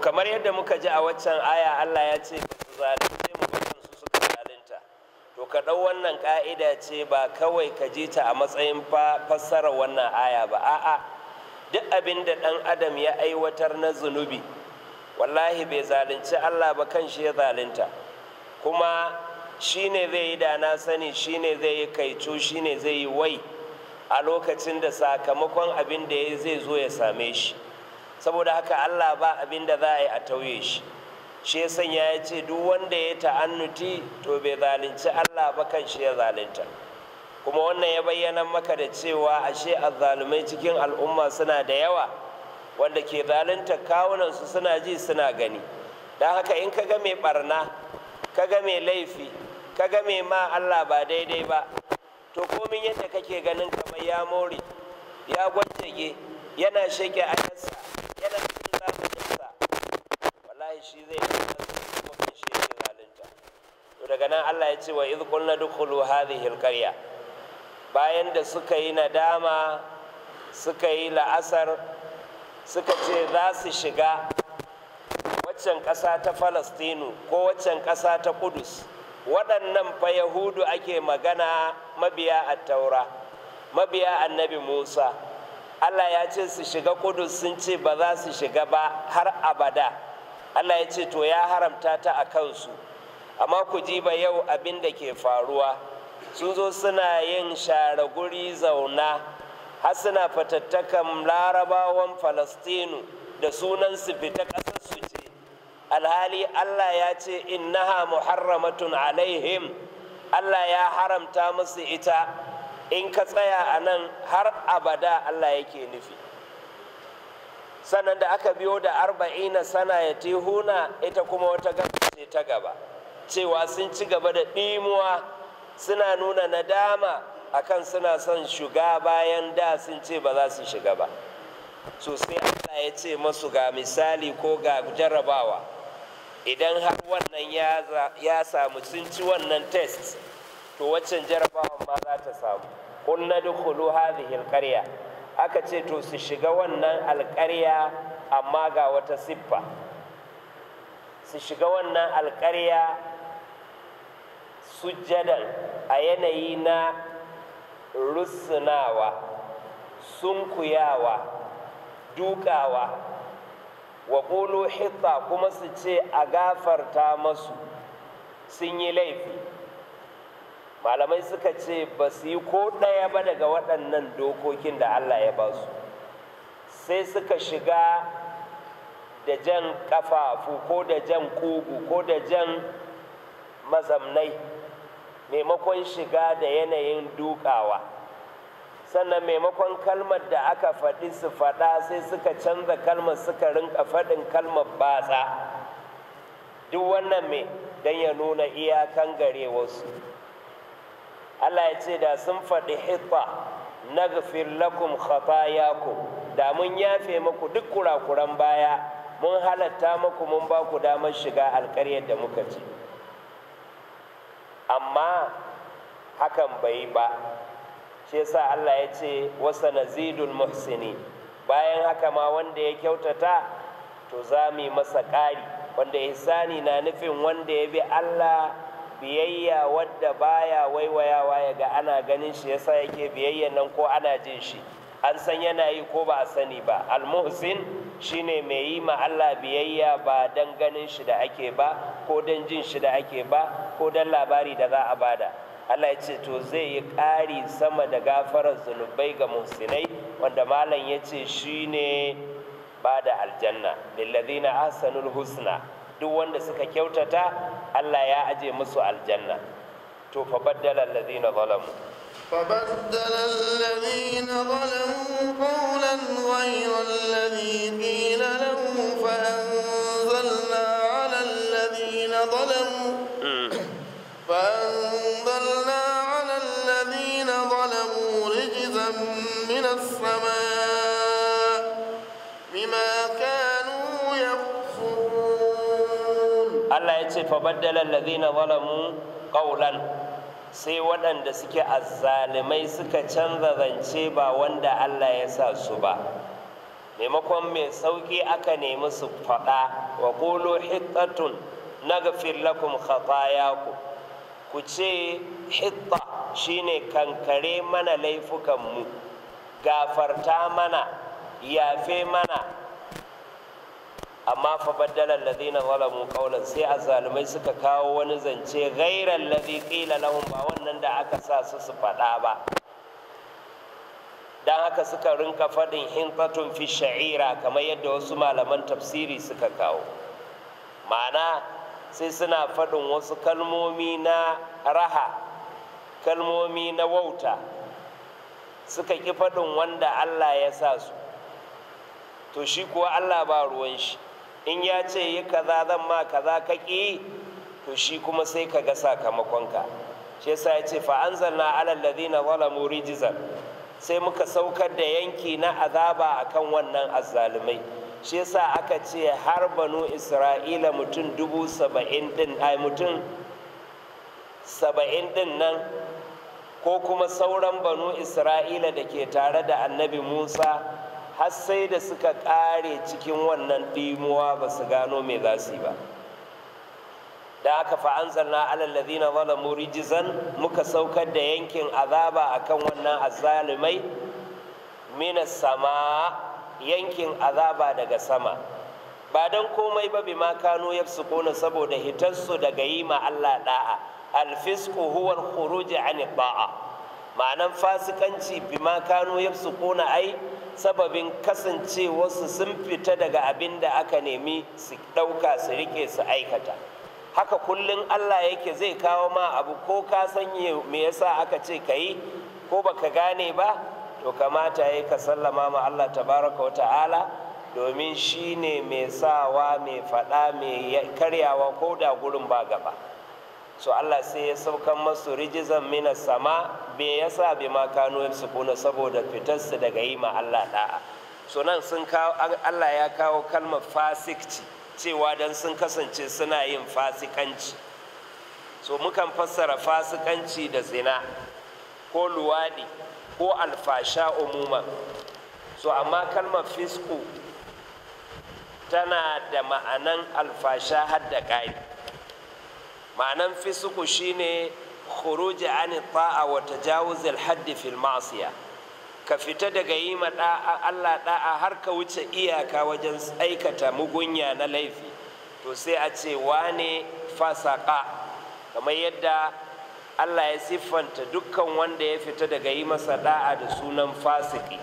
kamar yadda muka ji a waccan aya Allah ya ce ba su zalunce mu su suka zalunta to ka ɗau wannan ƙa'ida ce ba kawai ka ji ta a matsayin fassara wannan aya ba a'a duk abin da ɗan adam ya aiwatar na zunubi wallahi bai zalunci Allah ba kan shi ya zalunta kuma shi ne zai yi da na sani shi ne zai yi kaicu shi ne zai yi wai a lokacin da sakamakon abin da ya zai zo ya same shi. saboda haka Allah ba abin da za a yi a tauye shi shi ya sanya ya ce duk wanda ya ta'annuti to bai zalunci Allah ba kan shi ya zalunta kuma wannan ya bayyana maka da cewa ashe azzalumai cikin al'umma suna da yawa wanda ke zalunta kawunansu suna ji suna gani don haka in ka ga mai barna ka ga mai laifi ka ga mai ma Allah ba daidai ba to komin yadda kake ganin kamar ya more ya gwajage yana a ayansa yana cikin wallahi shi zai kuma daga nan Allah ya ce wa idh qulna dukhulu hadhihi alqarya bayan da suka yi nadama suka yi la'asar suka ce za su shiga waccan ƙasa ta falastinu ko waccan ƙasa ta kudus waɗannan fa yahudu ake magana mabiya attaura mabiya annabi musa Allah ya ce su shiga kudus sun ce ba za su shiga ba har abada Allah ya ce to ya haramta ta a kansu amma ku ji ba yau abin da ke faruwa sun zo suna yin share guri zauna har suna fatattakan larabawan falastinu da sunan su fita ƙasar su ce alhali Allah ya ce innaha muharramatun alaihim Allah ya haramta musu ita in ka tsaya a nan har abada Allah yake nufi sannan da aka biyo da arba'ina sana ya tihuna ita kuma wata gaba ce ta gaba cewa sun ci gaba da ɗimuwa suna nuna nadama akan suna son shiga bayan da sun ce ba za su shiga ba Sosai Allah ya ce masu ga misali ko ga jarrabawa idan har wannan ya samu sun ci wannan test to waccan jarabawa ma za ta samu na dukulu hazihin karya aka ce to su shiga wannan alkarya amma ga wata siffa su shiga wannan alƙarya sujjadan a yanayi na rusunawa sunkuyawa dukawa wa ƙulu hitta kuma su ce a gafarta masu sun yi laifi malamai suka ce ba su yi ko ɗaya ba daga waɗannan dokokin da allah ya ba su sai suka shiga da jan ƙafafu ko da jan ƙugu ko da jan mazamnai maimakon shiga da yanayin dukawa sannan maimakon kalmar da aka faɗi su faɗa sai suka canza kalmar suka rinka faɗin kalmar batsa duk wannan mai don ya nuna iyakan gare wasu Allah ya ce da sun faɗi hitta na lakum ku da mun yafe maku duk kurakuran baya mun halatta maku mun ba ku damar shiga alƙaryar da muka ci amma hakan bai ba shi yasa Allah ya ce wasa nazidul muhsini bayan haka ma wanda ya kyautata to za mu yi masa ƙari wanda ihsani na nufin wanda ya bi Allah biyayya wadda baya waiwayawa ya ga ana ganin shi yasa yake biyayya nan ko ana jin shi an san yana yi ko ba a sani ba almuhsin shine mai yi ma Allah biyayya ba dan ganin shi da ake ba ko dan jin shi da ake ba ko dan labari da za a bada Allah ya ce to zai yi ƙari sama da gafarar zunubai ga muhsinai wanda malam ya ce shine ba da aljanna lillazina ahsanul husna duk wanda suka kyautata Allah ya aje musu aljanna to fa baddala allazina zalamu
فبدل
الذين ظلموا قولا غير الذي قيل لهم فأنزلنا على الذين ظلموا فأنزلنا على الذين ظلموا رجزا من السماء Allah
ya ce fabaddala Ladina zalamu qawlan sai waɗanda suke azzalimai suka canza zance ba wanda Allah ya sa su ba maimakon mai sauƙi aka nemi su faɗa wa qulu hittatun naghfir lakum khatayakum ku ce hitta shine kankare mana laifukanmu gafarta mana yafe mana amma fa baddala ladina zalamu qawlan sai azzalumai suka kawo wani zance ghayra ladhi qila lahum ba wannan da aka sa su su faɗa ba dan haka suka rinka faɗin hintatun fi sha'ira kamar yadda wasu malaman tafsiri suka kawo ma'ana sai suna faɗin wasu kalmomi na raha kalmomi na wauta suka ƙi faɗin wanda allah ya sa su to shi kuwa allah ba ruwan shi in ya ce yi kaza zan ma kaza ka ƙi to shi kuma sai ka ga sakamakonka shi sa ya ce fa na ala na zalamu rijzan sai muka saukar da yanki na azaba a kan wannan azzalumai shi sa aka ce har banu isra'ila mutum dubu saba'in din ai mutum saba'in din nan ko kuma sauran banu isra'ila da ke tare da annabi musa har sai da suka ƙare cikin wannan ɗimuwa ba su gano mai za su yi ba da aka na alallazina zalamu rijizan muka saukar da yankin azaba a kan wannan azalimai minas sama yankin azaba daga sama ba don komai ba bi makano ya kona saboda hitarsu daga yi ma Allah da'a alfisku huwar huruji anibaa. ba'a ma'anan fasikanci bi makano ya kona ai sababin kasancewarsu sun fita daga abin da aka nemi su ɗauka su rike su aikata haka kullum allah yake zai kawo ma abu ko ka sanye me yasa aka ce ka yi ko baka gane ba to kamata ya ka sallama ma allah tabaraka wa ta'ala domin shi ne mai sawa mai faɗa mai karyawa ko da gurin ba gaba so Allah sai ya saukan masu rijizan mina sama bai yasa bai ma kano kuna saboda fitarsu daga yi ma Allah da'a so nan sun kawo Allah ya kawo kalmar fasikci cewa dan sun kasance suna yin fasikanci so mukan fassara fasikanci da zina ko luwaɗi ko alfasha umuma so amma kalmar fisku tana da ma'anan alfasha har da ƙari ma'anan fisuku shine khuruji an ta'a wa tajawuz al-hadd fil ma'siya ka fita daga yi ma Allah da'a har ka wuce iyaka wajen aikata mugunya na laifi to sai a ce wane fasaka kamar yadda Allah ya siffanta dukkan wanda ya fita daga yi masa da'a da sunan fasiki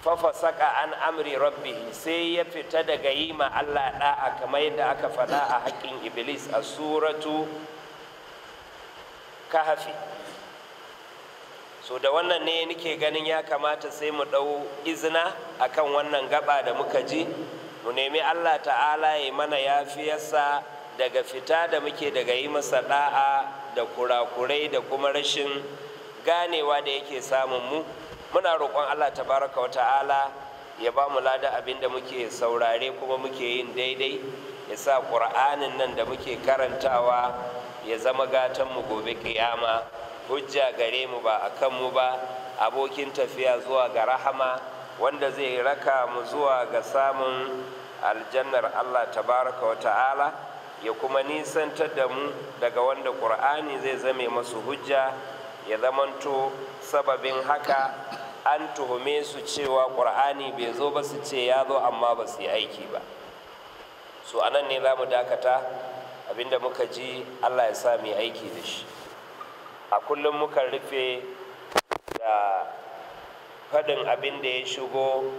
fafasaka an amri rabbihi sai ya fita daga yi ma Allah da'a kamar yadda aka faɗa a haƙƙin iblis a suratu kahafi so da wannan ne nake ganin ya kamata sai mu ɗau izina akan wannan gaba da muka ji mu nemi Allah ta'ala ya mana yafiyarsa daga fita da muke daga yi masa da'a da kurakurai da kuma rashin ganewa da yake samun mu muna roƙon allah tabaraka wata'ala ya ba mu lada abin da muke saurare kuma muke yin daidai ya sa ƙur'anin nan da muke karantawa ya zama mu gobe ƙiyama hujja gare mu ba a kanmu ba abokin tafiya zuwa ga rahama wanda zai raka mu zuwa ga samun aljannar allah tabaraka wata'ala ya kuma nisantar da mu daga wanda ƙur'ani zai zame masu hujja ya zamanto sababin haka an tuhume su cewa ƙur'ani bai zo ba su ce ya zo amma ba su yi aiki ba so anan ne za mu dakata abinda muka ji allah ya sa mai aiki da shi a kullum muka rufe da faɗin abin da ya shigo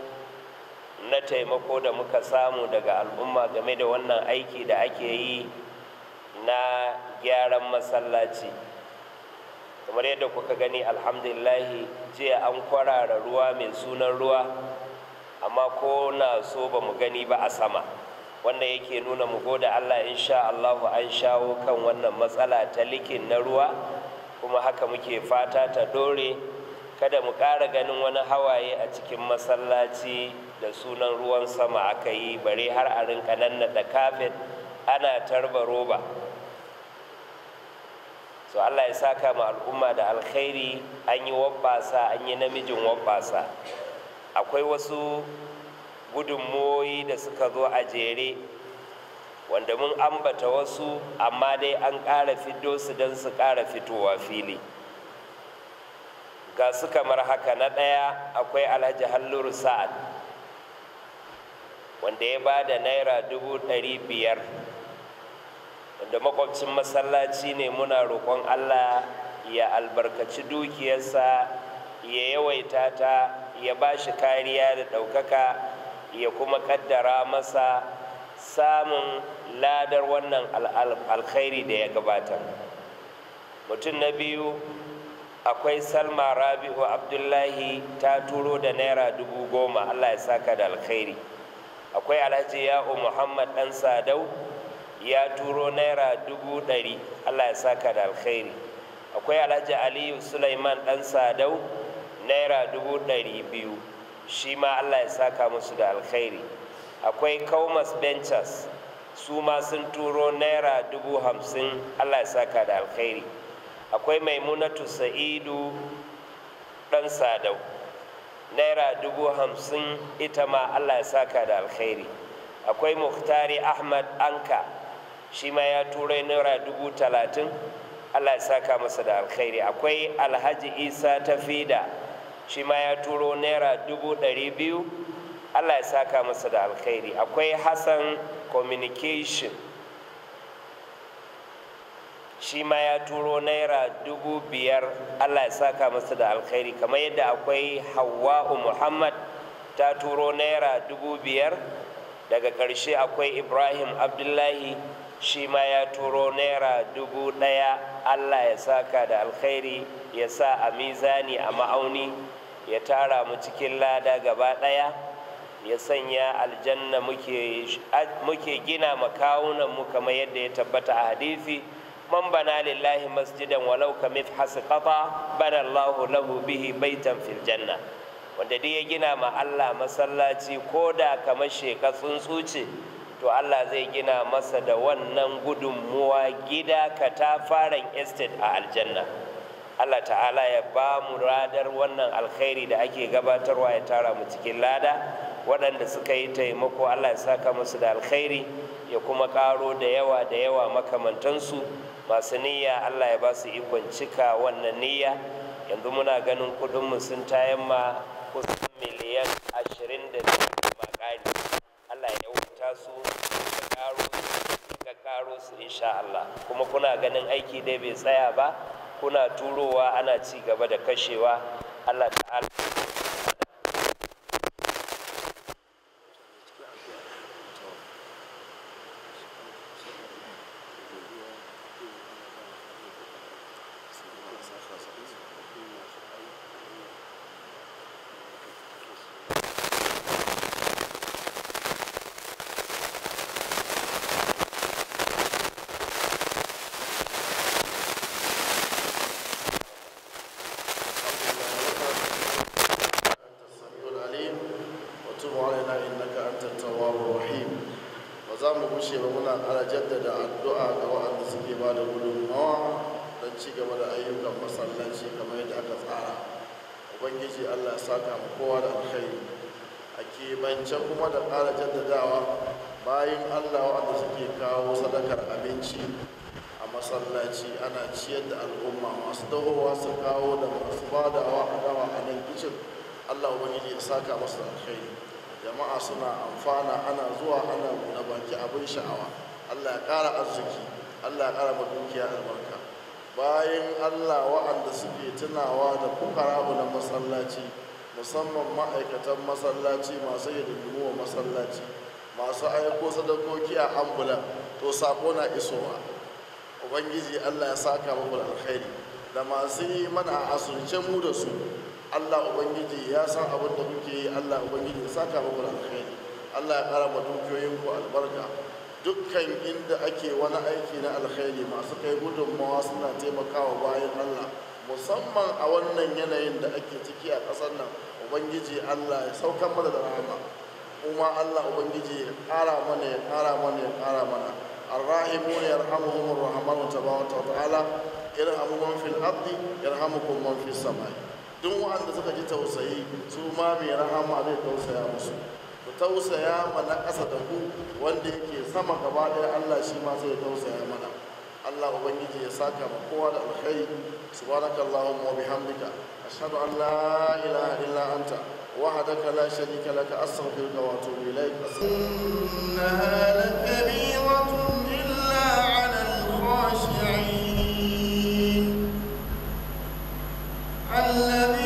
na taimako da muka samu daga al'umma game da wannan aiki da ake yi na gyaran masallaci kamar yadda kuka gani alhamdulillahi jiya an kwarara ruwa mai sunan ruwa amma ko na so ba mu gani ba a sama wanda yake nuna mu gode allah insha allahu an shawo kan wannan matsala ta likin na ruwa kuma haka muke fata ta dore kada mu ƙara ganin wani hawaye a cikin masallaci da sunan ruwan sama aka yi bare har a rinka da kafet ana tarba roba so allah ya saka ma al'umma da alkhairi an yi wabbasa an yi namijin wabbasa akwai wasu gudunmoyi da suka zo a jere wanda mun ambata wasu amma dai an ƙara fito su don su ƙara fitowa fili ga su kamar haka na ɗaya akwai alhaji hallur sa'ad wanda ya ba da naira dubu ɗari biyar wanda makwabcin masallaci ne muna roƙon allah ya albarkaci dukiyarsa ya yawaita ta ya ba shi kariya da ɗaukaka ya kuma ƙaddara masa samun ladar wannan alkhairi da ya gabata mutum na biyu akwai salma rabi'u abdullahi ta turo da naira dubu goma allah ya saka da alkhairi akwai alhaji ya'u muhammad ɗan sadau ya turo naira dubu ɗari allah ya saka da alkhairi akwai alhaji aliyu sulaiman ɗan sadau naira dubu ɗari biyu shi ma allah ya saka musu da alkhairi akwai kaumas benchers su ma sun turo naira dubu hamsin allah ya saka da alkhairi akwai maimunatu sa'idu ɗan sadau naira dubu hamsin ita ma allah ya saka da alkhairi akwai muhtari ahmad anka shi ma ya turai naira dubu talatin allah ya saka masa da alkhairi akwai alhaji isa tafida shi ma ya turo naira dubu ɗari biyu allah ya saka masa da alkhairi akwai hassan communication shi ma ya turo naira dubu biyar allah ya saka masa da alkhairi kamar yadda akwai hawa'u muhammad ta turo naira dubu biyar daga ƙarshe akwai ibrahim abdullahi shi ma ya turo naira dubu ɗaya allah ya saka da alkhairi ya sa a mizani a ma'auni ya tara mu cikin lada gaba ɗaya ya sanya aljanna muke gina mu kamar yadda ya tabbata a hadisi man bana lillahi masjidan walau ka mithhas qata bana Allahu lahu bihi baitan fil wanda dai ya gina ma Allah masallaci ko da kamar sheka tsuntsu ce to Allah zai gina masa da wannan gudunmuwa gida katafaren estate a aljanna Allah ta'ala ya ba mu radar wannan alkhairi da ake gabatarwa ya tara mu cikin lada waɗanda suka yi taimako Allah ya saka musu da alkhairi ya kuma ƙaro da yawa da yawa makamantansu masu niyya Allah ya ba su ikon cika wannan niyya yanzu muna ganin kuɗinmu sun ma kusan miliyan ashirin da biyu Allah ya taso da karo da karo su insha Allah kuma kuna ganin aiki dai bai tsaya ba kuna turowa ana ci gaba da kashewa Allah ta'ala
saka mu kowa da alkhairi a kebance kuma da ƙara jaddadawa bayan allah wanda suke kawo sadakar abinci a masallaci ana ciyar da al'umma masu dahowa su kawo da masu badawa a dama a nan kicin allah ubangiji ya saka masu alkhairi jama'a suna amfana ana zuwa ana na baki abin sha'awa allah ya ƙara arziki allah ya ƙara dukiya albarka bayan allah wa'anda suke tunawa da kuka rabu na masallaci musamman ma'aikatan masallaci masu hidindimu wa masallaci masu aiko sadakoki a ambulan to sako na isowa ubangiji allah ya saka muku da alkhairi da masu yi mana a asurce mu da su allah ubangiji ya san abin da kuke yi allah ubangiji ya saka muku da alkhairi allah ya kara ku albarka dukkan inda ake wani aiki na alkhairi masu kai gudunmawa suna taimakawa bayan allah musamman a wannan yanayin da ake ciki a ƙasar nan ubangiji allah ya saukar mana da rahama kuma allah ubangiji ya ƙara mana ya ƙara mana ya ƙara mana الراحمون يرحمهم الرحمن تبارك وتعالى يرحم من في الأرض يرحمكم man في samai. duk wanda suka ji tausayi su ma mai rahama zai tausaya musu ku tausaya mana ƙasa da ku wanda yake sama gaba ɗaya Allah shi ma zai tausaya mana Allah ubangiji ya saka ma kowa da alkhairi subhanakallahumma wa bihamdika ashhadu an la ilaha illa anta وحدك لا شريك لك أستغفرك وأتوب إليك إنها
لكبيرة إلا على الخاشعين الذي